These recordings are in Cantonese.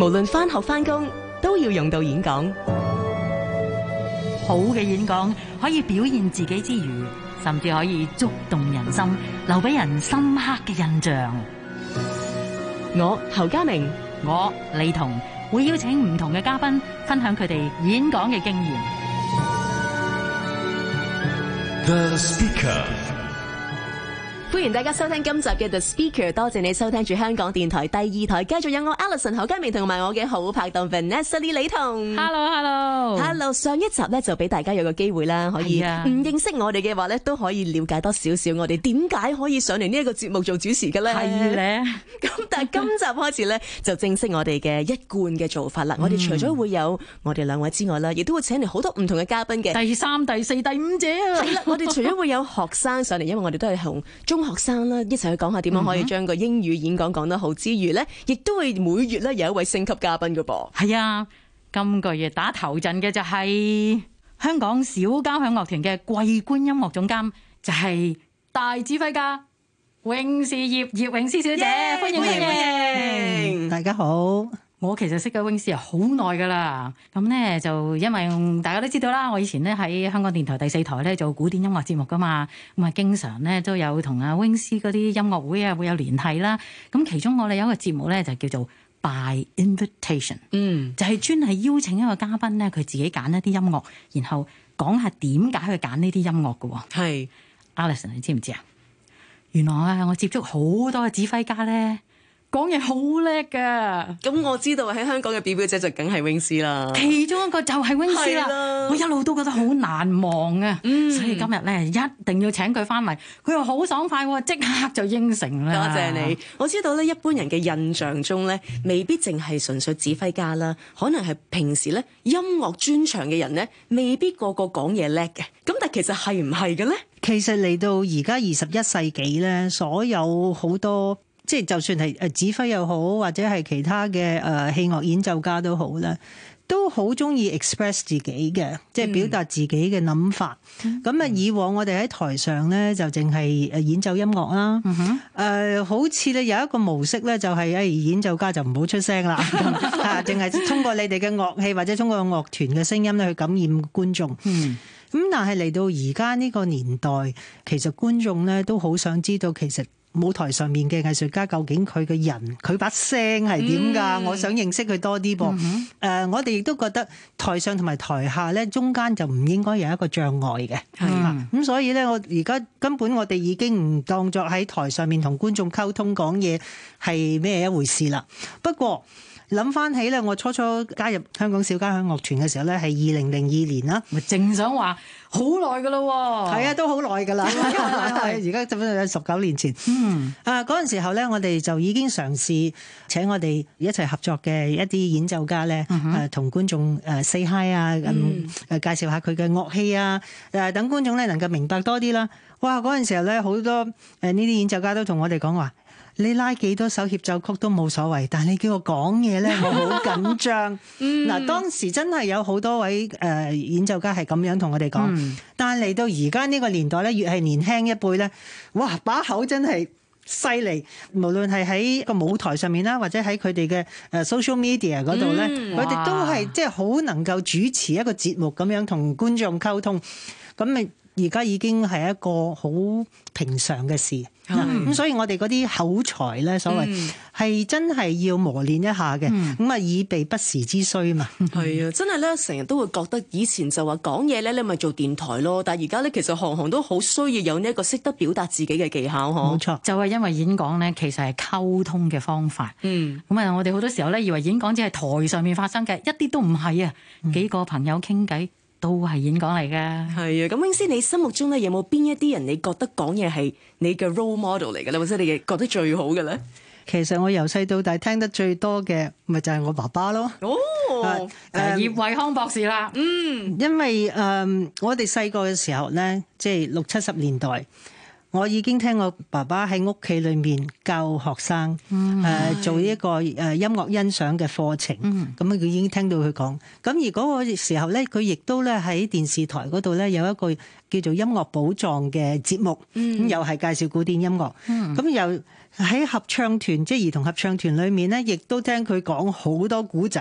無論返學返工，都要用到演講。好嘅演講可以表現自己之餘，甚至可以觸動人心，留俾人深刻嘅印象。 我侯嘉明，我李彤會邀請唔同嘅嘉賓分享佢哋演講嘅經驗。歡迎大家收聽今集嘅 The Speaker，多謝你收聽住香港電台第二台，繼續有我 Alison 侯嘉明同埋我嘅好拍檔 Vanessa Lee, 李禮彤 Hello，Hello，Hello。Hello, hello. Hello, 上一集咧就俾大家有個機會啦，可以唔認識我哋嘅話咧都可以了解多少少我哋點解可以上嚟呢一個節目做主持嘅咧？係咧的。咁 但係今集開始咧就正式我哋嘅一貫嘅做法啦，我哋除咗會有我哋兩位之外啦，亦都會請嚟好多唔同嘅嘉賓嘅。第三、第四、第五者啊！係啦， 我哋除咗會有學生上嚟，因為我哋都係同中。學生啦，一齊去講下點樣可以將個英語演講講得好之餘呢，亦都會每月咧有一位星級嘉賓㗎噃。係啊，今個月打頭陣嘅就係香港小交響樂團嘅桂冠音樂總監，就係大指揮家詠詩葉葉詠詩小姐，歡迎 Yeah, 歡迎，大家好。我其實識嘅韋斯啊，好耐噶啦。咁呢，就因為大家都知道啦，我以前呢喺香港電台第四台呢做古典音樂節目噶嘛，咁啊經常呢都有同啊韋斯嗰啲音樂會啊會有聯繫啦。咁其中我哋有一個節目呢，就叫做 By Invitation，嗯，就係專係邀請一個嘉賓呢，佢自己揀一啲音樂，然後講下點解佢揀呢啲音樂嘅喎。係 a l i s, 是 o n 你知唔知啊？原來啊，我接觸好多嘅指揮家呢。講嘢好叻㗎，咁我知道喺香港嘅表表姐就梗係温斯啦。其中一個就係詠詩啦，的我一路都覺得好難忘嘅、啊，嗯、所以今日咧一定要請佢返嚟。佢又好爽快、啊，即刻就應承啦。多謝你，我知道咧一般人嘅印象中咧，未必淨係純粹指揮家啦，可能係平時咧音樂專長嘅人咧，未必個個講嘢叻嘅。咁但其實係唔係嘅咧？其實嚟到而家二十一世紀咧，所有好多。即係就算係誒指揮又好，或者係其他嘅誒器樂演奏家都好咧，都好中意 express 自己嘅，即係表達自己嘅諗、嗯、法。咁啊、嗯，以往我哋喺台上咧就淨係誒演奏音樂啦。誒、嗯哼呃，好似咧有一個模式咧、就係，就係誒演奏家就唔好出聲啦，嚇，淨係通過你哋嘅樂器或者通過樂團嘅聲音咧去感染觀眾。咁、嗯、但係嚟到而家呢個年代，其實觀眾咧都好想知道其實。舞台上面嘅藝術家究竟佢嘅人佢把聲係點噶？嗯、我想認識佢多啲噃。誒、嗯哼呃，我哋亦都覺得台上同埋台下咧，中間就唔應該有一個障礙嘅。係咁、嗯、所以咧，我而家根本我哋已經唔當作喺台上面同觀眾溝通講嘢係咩一回事啦。不過，諗翻起咧，我初初加入香港小交響樂團嘅時候咧，係二零零二年啦。咪正想話好耐嘅咯喎，係啊，都好耐嘅啦。而家基本上十九年前，嗯、啊嗰陣時候咧，我哋就已經嘗試請我哋一齊合作嘅一啲演奏家咧，誒同、嗯、觀眾誒 say hi 啊，咁誒介紹下佢嘅樂器啊，誒等觀眾咧能夠明白多啲啦。哇！嗰陣時候咧，好多誒呢啲演奏家都同我哋講話。你拉幾多首協奏曲都冇所謂，但係你叫我講嘢咧，我好緊張。嗱，當時真係有好多位誒演奏家係咁樣同我哋講，但係嚟到而家呢個年代咧，越係年輕一輩咧，哇，把口真係犀利，無論係喺個舞台上面啦，或者喺佢哋嘅誒 social media 嗰度咧，佢哋都係即係好能夠主持一個節目咁樣同觀眾溝通，咁你，而家已經係一個好平常嘅事，咁、mm. 嗯、所以我哋嗰啲口才咧，所謂係、mm. 真係要磨練一下嘅，咁啊、mm. 以備不時之需嘛。係啊，真係咧，成日都會覺得以前就話講嘢咧，你咪做電台咯，但係而家咧，其實行行都好需要有呢、這、一個識得表達自己嘅技巧，嗬。冇錯，就係因為演講咧，其實係溝通嘅方法。嗯，咁啊，我哋好多時候咧，以為演講只係台上面發生嘅，一啲都唔係啊，幾個朋友傾偈。Mm. 都係演講嚟噶，係啊！咁詠詩，你心目中咧，有冇邊一啲人你覺得講嘢係你嘅 role model 嚟嘅咧？或者你嘅覺得最好嘅咧？其實我由細到大聽得最多嘅咪就係我爸爸咯。哦，葉惠康博士啦。嗯，um, 因為誒，um, 我哋細個嘅時候咧，即係六七十年代。我已經聽我爸爸喺屋企裏面教學生，誒、mm hmm. 呃、做一個誒音樂欣賞嘅課程，咁啊佢已經聽到佢講，咁而嗰個時候呢，佢亦都咧喺電視台嗰度呢有一個叫做音樂寶藏嘅節目，咁、mm hmm. 又係介紹古典音樂。咁、mm hmm. 又喺合唱團，即、就、係、是、兒童合唱團裏面呢，亦都聽佢講好多古仔。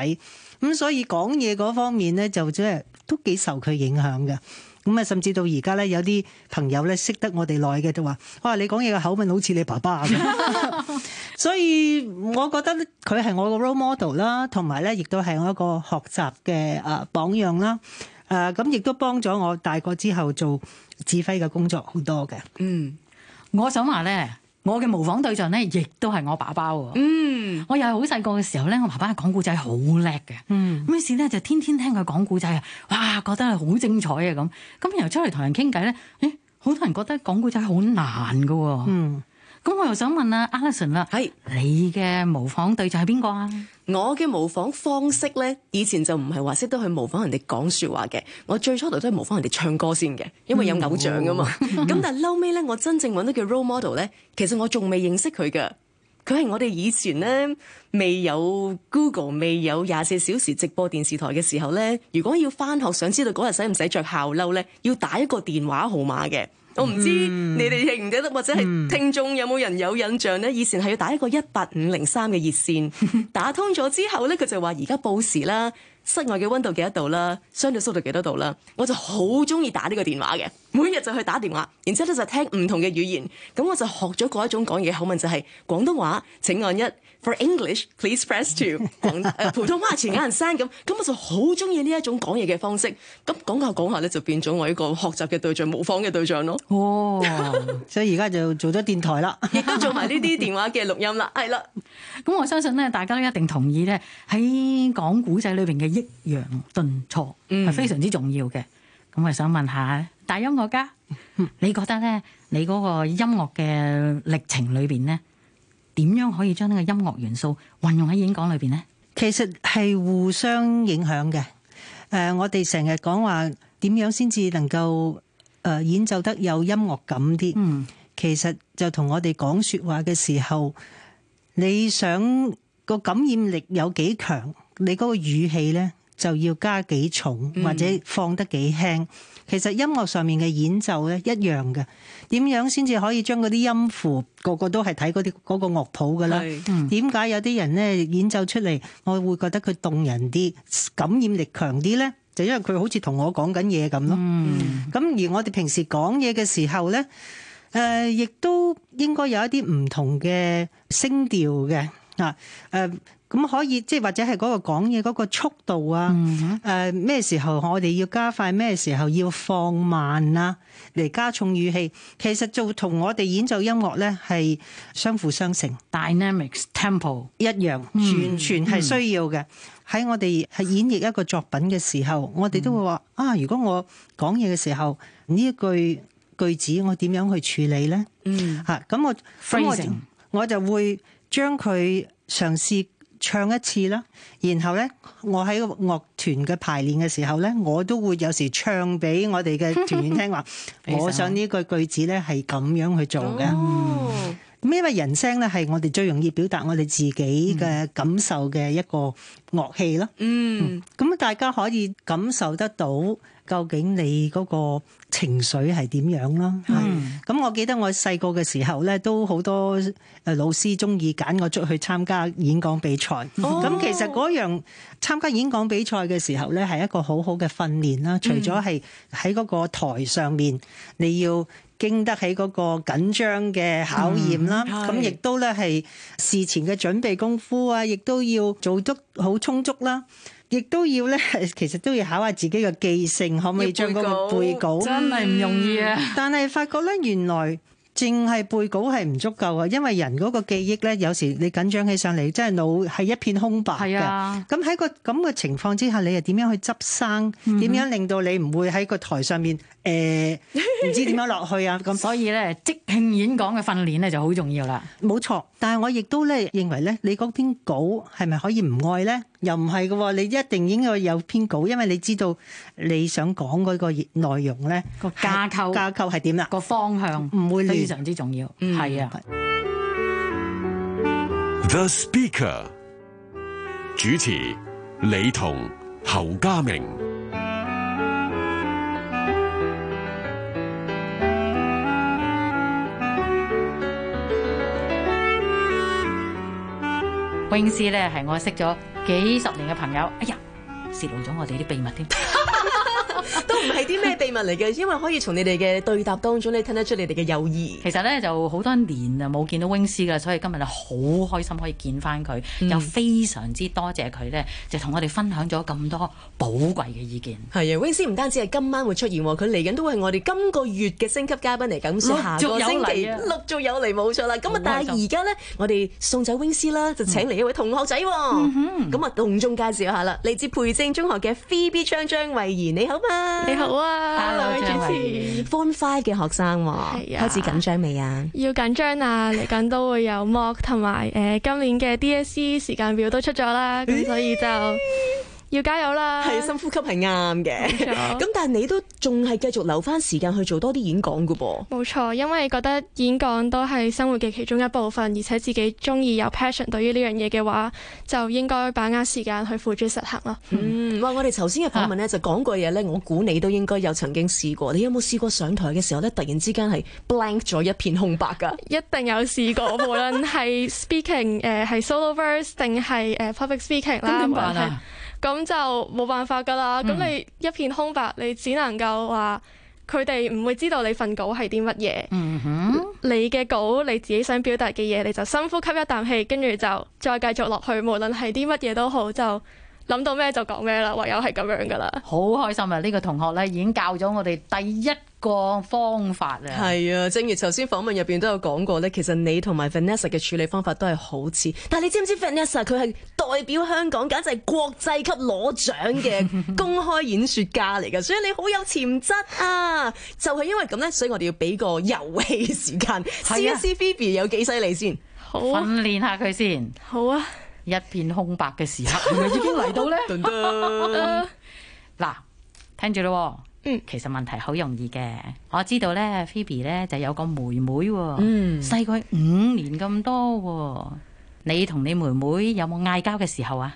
咁所以講嘢嗰方面呢，就即係都幾受佢影響嘅。咁啊，甚至到而家咧，有啲朋友咧識得我哋耐嘅就話：哇，你講嘢嘅口吻好似你爸爸咁。 所以我覺得佢係我個 role model 啦，同埋咧，亦都係我一個學習嘅啊榜樣啦。誒，咁亦都幫咗我大個之後做指揮嘅工作好多嘅。嗯，我想話咧。我嘅模仿對象咧，亦都係我爸爸喎。嗯，我又係好細個嘅時候咧，我爸爸係講古仔好叻嘅。嗯，於是咧，就天天聽佢講古仔，哇，覺得係好精彩啊！咁咁由出嚟同人傾偈咧，誒、欸，好多人覺得講古仔好難㗎喎。嗯。咁我又想問阿 Alexan 啦，係是你嘅模仿對象係邊個啊？我嘅模仿方式咧，以前就唔係話識得去模仿人哋講說話嘅，我最初頭都係模仿人哋唱歌先嘅，因為有偶像啊嘛。咁 但係後尾咧，我真正揾到嘅 role model 咧，其實我仲未認識佢噶，佢係我哋以前咧，未有 Google、未有廿四小時直播電視台嘅時候咧，如果要翻學，想知道嗰日使唔使着校褸咧，要打一個電話號碼嘅。我唔知你哋記唔記得，或者係聽眾有冇人有印象咧？以前係要打一個一八五零三嘅熱線，打通咗之後咧，佢就話而家報時啦，室外嘅溫度幾多度啦，相對濕度幾多度啦，我就好中意打呢個電話嘅。每日就去打電話，然之後咧就聽唔同嘅語言，咁我就學咗嗰一種講嘢口吻，就係、是、廣東話，請按一；for English，please press two 按二。廣誒、呃、普通話前有人 send 咁，咁我就好中意呢一種講嘢嘅方式。咁講下講下咧，就變咗我一個學習嘅對象、模仿嘅對象咯。哦，所以而家就做咗電台啦，亦 都做埋呢啲電話嘅錄音啦。係啦 ，咁我相信咧，大家一定同意咧，喺講古仔裏邊嘅抑揚頓挫係非常之重要嘅。咁、嗯、我想問下。大音樂家，嗯、你覺得咧？你嗰個音樂嘅歷程裏邊咧，點樣可以將呢個音樂元素運用喺演講裏邊咧？其實係互相影響嘅。誒、呃，我哋成日講話點樣先至能夠誒、呃、演奏得有音樂感啲。嗯，其實就同我哋講説話嘅時候，你想個感染力有幾強？你嗰個語氣咧？就要加幾重或者放得幾輕，嗯、其實音樂上面嘅演奏咧，一樣嘅。點樣先至可以將嗰啲音符個個都係睇嗰啲嗰個樂譜噶啦？點解、嗯、有啲人咧，演奏出嚟，我會覺得佢動人啲、感染力強啲咧？就因為佢好似同我講緊嘢咁咯。咁、嗯、而我哋平時講嘢嘅時候咧，誒、呃、亦都應該有一啲唔同嘅聲調嘅啊，誒、呃。呃咁可以即係或者係嗰個講嘢嗰個速度啊，誒咩、mm hmm. 呃、時候我哋要加快，咩時候要放慢啊，嚟加重語氣。其實就同我哋演奏音樂呢係相輔相成，dynamics tempo 一樣，完全係需要嘅。喺、mm hmm. 我哋係演繹一個作品嘅時候，我哋都會話、mm hmm. 啊，如果我講嘢嘅時候呢一句句子，我點樣去處理呢？Mm」嗯、hmm. 啊，嚇咁我，咁我 我就會將佢嘗試。唱一次啦，然後咧，我喺樂團嘅排練嘅時候咧，我都會有時唱俾我哋嘅團員聽話。 我，手我想呢個句，句子咧係咁樣去做嘅。咁、哦嗯、因為人聲咧係我哋最容易表達我哋自己嘅感受嘅一個樂器咯。嗯，咁、嗯、大家可以感受得到。究竟你嗰個情緒係點樣啦？咁、嗯、我記得我細個嘅時候咧，都好多誒老師鍾意揀我出去參加演講比賽。咁、哦、其實嗰樣參加演講比賽嘅時候咧，係一個好好嘅訓練啦。除咗係喺嗰個台上面，你要。經得起嗰個緊張嘅考驗啦，咁、嗯、亦都咧係事前嘅準備功夫啊，亦都要做足好充足啦，亦都要咧其實都要考下自己嘅記性，可唔可以將嗰個背稿，背稿真係唔容易啊！嗯、但係發覺咧，原來。淨係背稿係唔足夠啊，因為人嗰個記憶咧，有時你緊張起上嚟，真係腦係一片空白啊。咁喺個咁嘅情況之下，你又點樣去執生？點樣、嗯、哼令到你唔會喺個台上面誒，唔、呃、知點樣落去啊？咁 所以咧，即興演講嘅訓練咧就好重要啦。冇錯，但係我亦都咧認為咧，你嗰篇稿係咪可以唔愛咧？又唔係嘅，你一定應該有篇稿，因為你知道你想講嗰個內容咧，個架構架構係點啦，個方向唔會非常之重要。係、嗯、啊，The Speaker 主持李彤、侯嘉明，詠詩咧係我識咗幾十年嘅朋友，哎呀，泄露咗我哋啲秘密添。都唔係啲咩秘密嚟嘅，因為可以從你哋嘅對答當中，你聽得出你哋嘅友誼。其實咧就好多年啊冇見到 Winsy 㗎啦，所以今日就好開心可以見翻佢，嗯、又非常之多謝佢咧，就同我哋分享咗咁多寶貴嘅意見。係啊，Winsy 唔單止係今晚會出現喎，佢嚟緊都會係我哋今個月嘅升級嘉賓嚟緊。咁，下個星期陸續有嚟，冇錯啦。咁啊，但係而家咧，我哋送走 Winsy 啦，就請嚟一位同學仔。咁啊，隆重、嗯嗯、介紹一下啦，嚟自培正中學嘅 Phoebe 張張慧怡，你好嘛？你好啊，哈嘍，主持 Form Five 嘅學生，係啊、哎呀，開始緊張未啊？要緊張啊！嚟緊都會有 mock，同埋誒，今年嘅 DSE 時間表都出咗啦，咁 所以就。要加油啦！係深呼吸係啱嘅。咁錯 但係你都仲係繼續留翻時間去做多啲演講噶噃？冇錯，因為覺得演講都係生活嘅其中一部分，而且自己中意有 passion 對於呢樣嘢嘅話，就應該把握時間去付諸實行囉。嗯，哇、嗯！我哋頭先嘅訪問咧就講過嘢咧，我估你都應該有曾經試過。你有冇試過上台嘅時候咧，突然之間係 blank 咗一片空白噶？一定有試過，無論係 speaking 誒、 uh, 嗯，係 solo verse 定係誒 public speaking 啦。點辦啊？咁就冇辦法噶啦！咁、嗯、你一片空白，你只能夠話佢哋唔會知道你份稿係啲乜嘢。嗯、哼你嘅稿你自己想表達嘅嘢，你就深呼吸一啖氣，跟住就再繼續落去，無論係啲乜嘢都好就。諗到咩就講咩啦，唯有係咁樣噶啦。好開心啊！呢、這個同學咧已經教咗我哋第一個方法啦。係啊，正如頭先訪問入邊都有講過咧，其實你同埋 Vanessa 嘅處理方法都係好似。但係你知唔知 Vanessa 佢係代表香港，簡直係國際級攞獎嘅公開演說家嚟噶， 所以你好有潛質啊！就係、是、因為咁咧，所以我哋要俾個遊戲時間，試一試 Phoebe 有幾犀利先，訓練下佢先。好啊。一片空白嘅時候，係咪 已經嚟到呢？嗱 了，聽住咯，其實問題好容易嘅。我知道呢 Phoebe 呢就有個妹妹、哦，細佢、嗯、五年咁多、哦。你同你妹妹有冇嗌交嘅時候啊？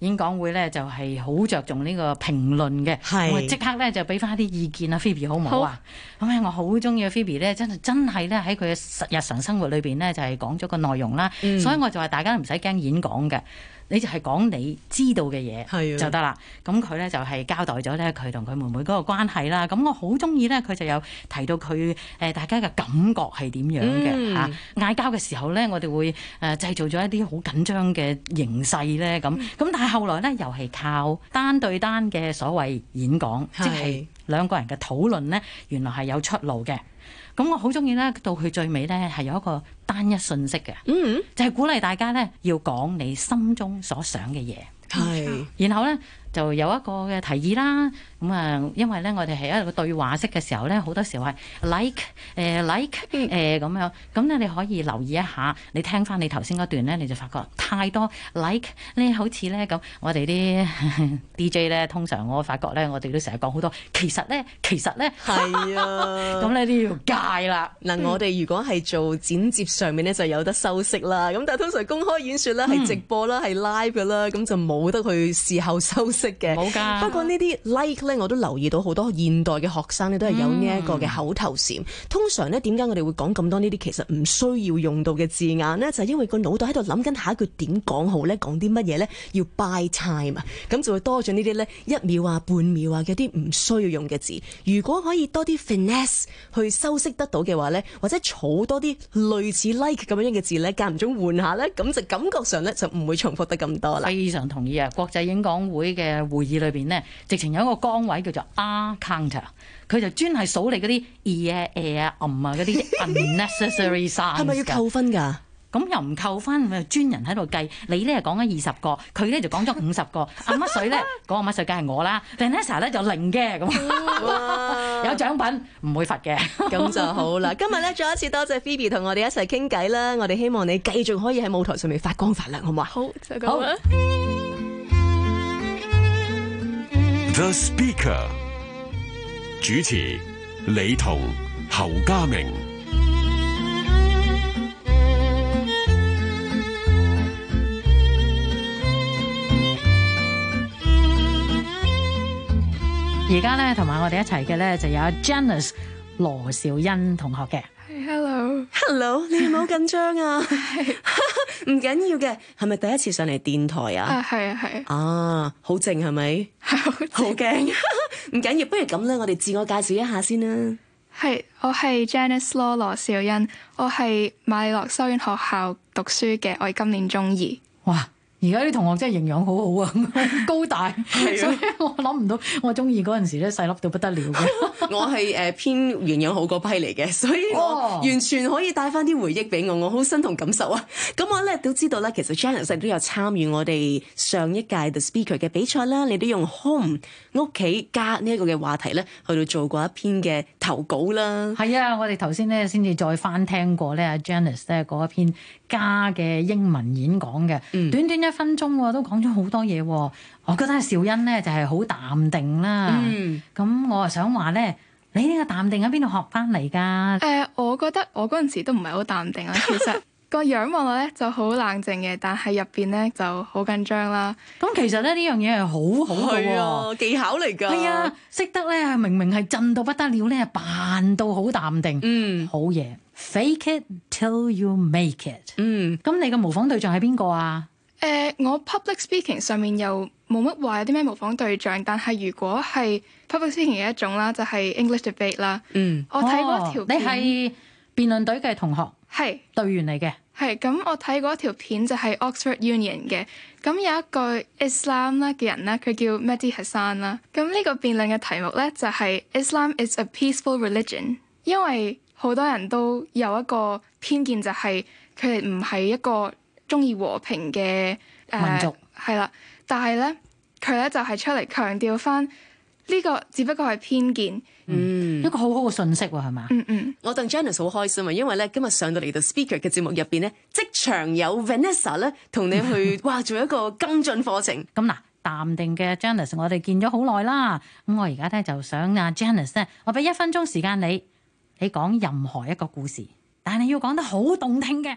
演講會咧就係好着重呢個評論嘅，是我即刻咧就俾翻啲意見啊的，Phoebe，好唔好啊？咁好我好中意啊。Phoebe 咧，真係真係咧喺佢嘅日常生活裏邊咧就係講咗個內容啦。嗯、所以我就話大家唔使驚演講嘅，你就係講你知道嘅嘢就得啦。咁佢咧就係交代咗咧佢同佢妹妹嗰個關係啦。咁我好中意咧佢就有提到佢誒大家嘅感覺係點樣嘅嚇。嗌交嘅時候咧我哋會誒製、呃、造咗一啲好緊張嘅形勢咧咁咁但係、嗯。後來咧，又係靠單對單嘅所謂演講，是即係兩個人嘅討論咧，原來係有出路嘅。咁我好中意咧，到佢最尾咧，係有一個單一信息嘅，嗯嗯就係鼓勵大家咧要講你心中所想嘅嘢。係是，然後咧。就有一個嘅提議啦，咁啊，因為咧我哋係一個對話式嘅時候咧，好多時候係 like 誒、uh, like 誒、uh，咁 樣，咁咧你可以留意一下，你聽翻你頭先段咧，你就發覺太多 like 咧，好似咧咁，我哋啲 DJ 咧通常我發覺咧，我哋都成日講好多，其實咧其實咧係啊，咁咧都要戒啦。嗱、嗯啊，我哋如果係做剪接上面咧就有得修飾啦，咁、嗯、但係通常公開演說咧係直播啦，係 live 㗎啦，咁、嗯、就冇得去事後修飾。冇噶。不過呢啲 like 咧，我都留意到好多現代嘅學生咧，都係有呢一個嘅口頭禪。嗯、通常咧，點解我哋會講咁多呢啲其實唔需要用到嘅字眼咧？就係、是、因為個腦袋喺度諗緊下一句點講好咧，講啲乜嘢咧，要 buy time 啊。咁就會多咗呢啲咧，一秒啊、半秒啊嘅啲唔需要用嘅字。如果可以多啲 finesse 去修飾得到嘅話咧，或者儲多啲類似 like 咁樣嘅字咧，間唔中換下咧，咁就感覺上咧就唔會重複得咁多啦。非常同意啊！國際演講會嘅。誒會議裏邊咧，直情有一個崗位叫做 ah counter，佢就專係數你嗰啲誒誒啊、啊啊嗰啲 unnecessarysound。係咪要扣分㗎？咁又唔扣翻，咪專人喺度計。你咧講緊二十個，佢咧就講咗五十個。啊乜水咧？講啊乜水，梗係我啦，Vanessa 咧就零嘅咁。有獎品唔會罰嘅，咁就好啦。今日咧再一次多謝 Phoebe 同我哋一齊傾偈啦。我哋希望你繼續可以喺舞台上面發光發亮，好唔好啊？好就咁啦。The Speaker 主持李彤、侯家明。而家咧，同埋我哋一齊嘅咧，就有 Janice 羅小欣同學嘅。Hello，Hello，Hello，你唔好緊張啊，唔緊要嘅，係咪？ 第一次上嚟電台啊？係啊係啊，啊，好靜係咪？係好驚，唔緊要，不如咁啦，我哋自我介紹一下先啦。係，我係 Janice Law 羅兆恩，我係瑪利諾修院學校讀書嘅，我係今年中二。哇！而家啲同學真係營養好好啊， 高大， 啊、所以我諗唔到我中意嗰陣時咧細粒到不得了嘅。 我係誒偏營養好嗰批嚟嘅，所以我完全可以帶翻啲回憶俾我，我好身同感受啊。咁 我咧都知道咧，其實 Janice 都有參與我哋上一屆 The Speaker 嘅比賽啦。你都用 home 屋企加呢一個嘅話題咧，去到做過一篇嘅投稿啦。係啊，我哋頭先咧先至再翻聽過咧，阿 Janice 咧嗰一篇加嘅英文演講嘅，嗯、短短一。一分鐘、哦、都講咗好多嘢，哦，我覺得小欣咧就係、是，好淡定啦、啊。咁、嗯、我啊想話咧，你呢個淡定喺邊度學翻嚟噶？誒、呃，我覺得我嗰陣時都唔係好淡定啦。其實個樣望落咧就好冷靜嘅，但係入邊咧就好緊張啦。咁其實咧呢樣嘢係好好嘅、啊、技巧嚟噶。係啊，識得咧，明明係震到不得了咧，扮到好淡定。嗯，好嘢。Fake it till you make it。嗯，咁你嘅模仿對象係邊個啊？誒，uh, 我 public speaking 上面又冇乜話有啲咩模仿對象，但係如果係 public speaking 嘅一種啦，就係 English debate 啦。嗯，我睇過一條片，哦、你係辯論隊嘅同學，係隊員嚟嘅。係咁，我睇過一條片就係 Oxford Union 嘅。咁有一個 Islam 啦嘅人咧，佢叫 Madi Hassan 啦。咁呢個辯論嘅題目咧就係 Islam is a peaceful religion，因為好多人都有一個偏見就係佢哋唔係一個。中意和平嘅，uh, 民族係啦，但係咧佢咧就係、是、出嚟強調翻呢、這個只不過係偏見。嗯，一個好好嘅訊息係、啊、嘛、嗯，嗯嗯，我對 Janice 好開心啊，因為咧今日上到嚟到 speaker 嘅節目入邊咧，即場有 Vanessa 咧同你去，嗯、哇，做一個跟進課程。咁嗱， 淡定嘅 Janice 我哋見咗好耐啦，咁我而家咧就想啊 Janice 咧，我俾一分鐘時間你，你講任何一個故事，但係要講得好動聽嘅。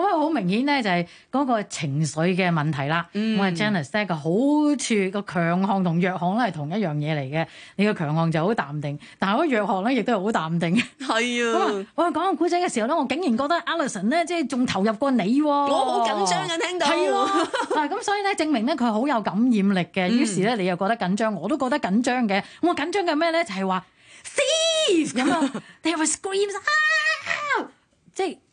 咁啊，好明顯咧，就係、是、嗰個情緒嘅問題啦。我啊，Jenna Sir 個好處、個強項同弱項都係同一樣嘢嚟嘅。你個強項就好淡定，但係個弱項咧亦都係好淡定。係啊、嗯。我講個古仔嘅時候咧，我竟然覺得 Allison 咧，即係仲投入過你、啊。我好緊張啊！聽到。係啊，咁、 啊、所以咧，證明咧佢好有感染力嘅。於是咧，你又覺得緊張，我都覺得緊張嘅。我緊張嘅咩咧？就係、是、話，Thief 有冇？They will scream s, screams,、啊啊啊、即係。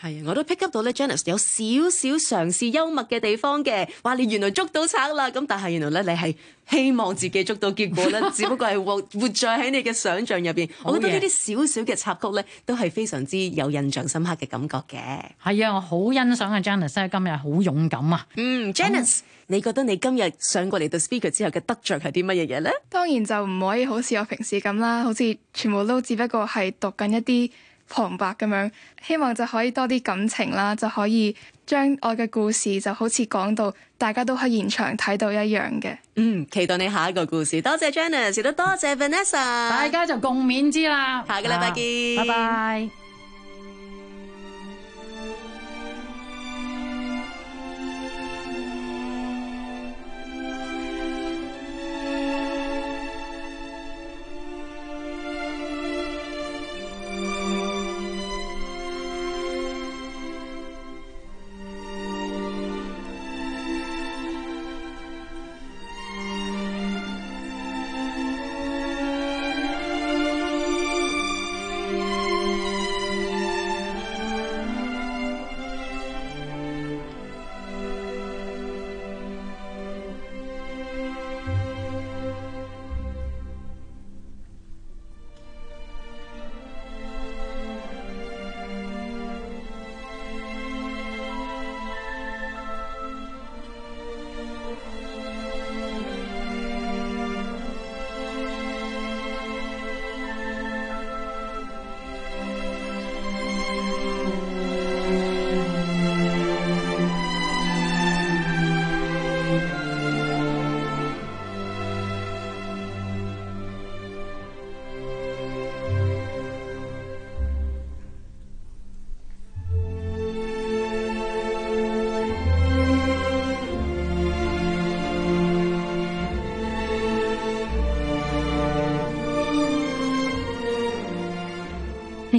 係啊，我都 pick up 到咧，Janice 有少少嘗試幽默嘅地方嘅。哇，你原來捉到賊啦！咁但係原來咧，你係希望自己捉到，結果咧， 只不過係活活在喺你嘅想象入邊。我覺得呢啲少少嘅插曲咧，都係非常之有印象深刻嘅感覺嘅。係啊，我好欣賞啊，Janice 今日好勇敢啊。嗯，Janice、嗯、你覺得你今日上過嚟到 speaker 之後嘅得着係啲乜嘢嘢咧？當然就唔可以好似我平時咁啦，好似全部都只不過係讀緊一啲。旁白咁樣，希望就可以多啲感情啦，就可以將我嘅故事就好似講到大家都喺現場睇到一樣嘅。嗯，期待你下一個故事。多謝 Janice 亦都多謝 Vanessa，大家就共勉之啦。下個禮拜見，啊、拜拜。拜拜。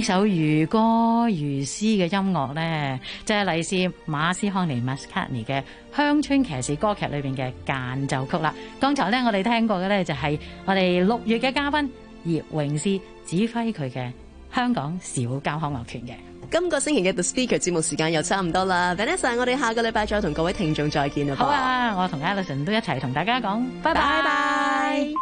呢首如歌如詩嘅音樂咧，就係嚟自馬斯康尼 （Mascagni） 嘅《鄉村騎士》歌劇裏邊嘅間奏曲啦。剛才咧，我哋聽過嘅咧就係、是、我哋六月嘅嘉賓葉詠詩指揮佢嘅香港小交響樂團嘅。今個星期嘅 The Speaker 節目時間又差唔多啦。等一陣，我哋下個禮拜再同各位聽眾再見啦。好啊，我同 Alison 都一齊同大家講，拜拜。Bye bye。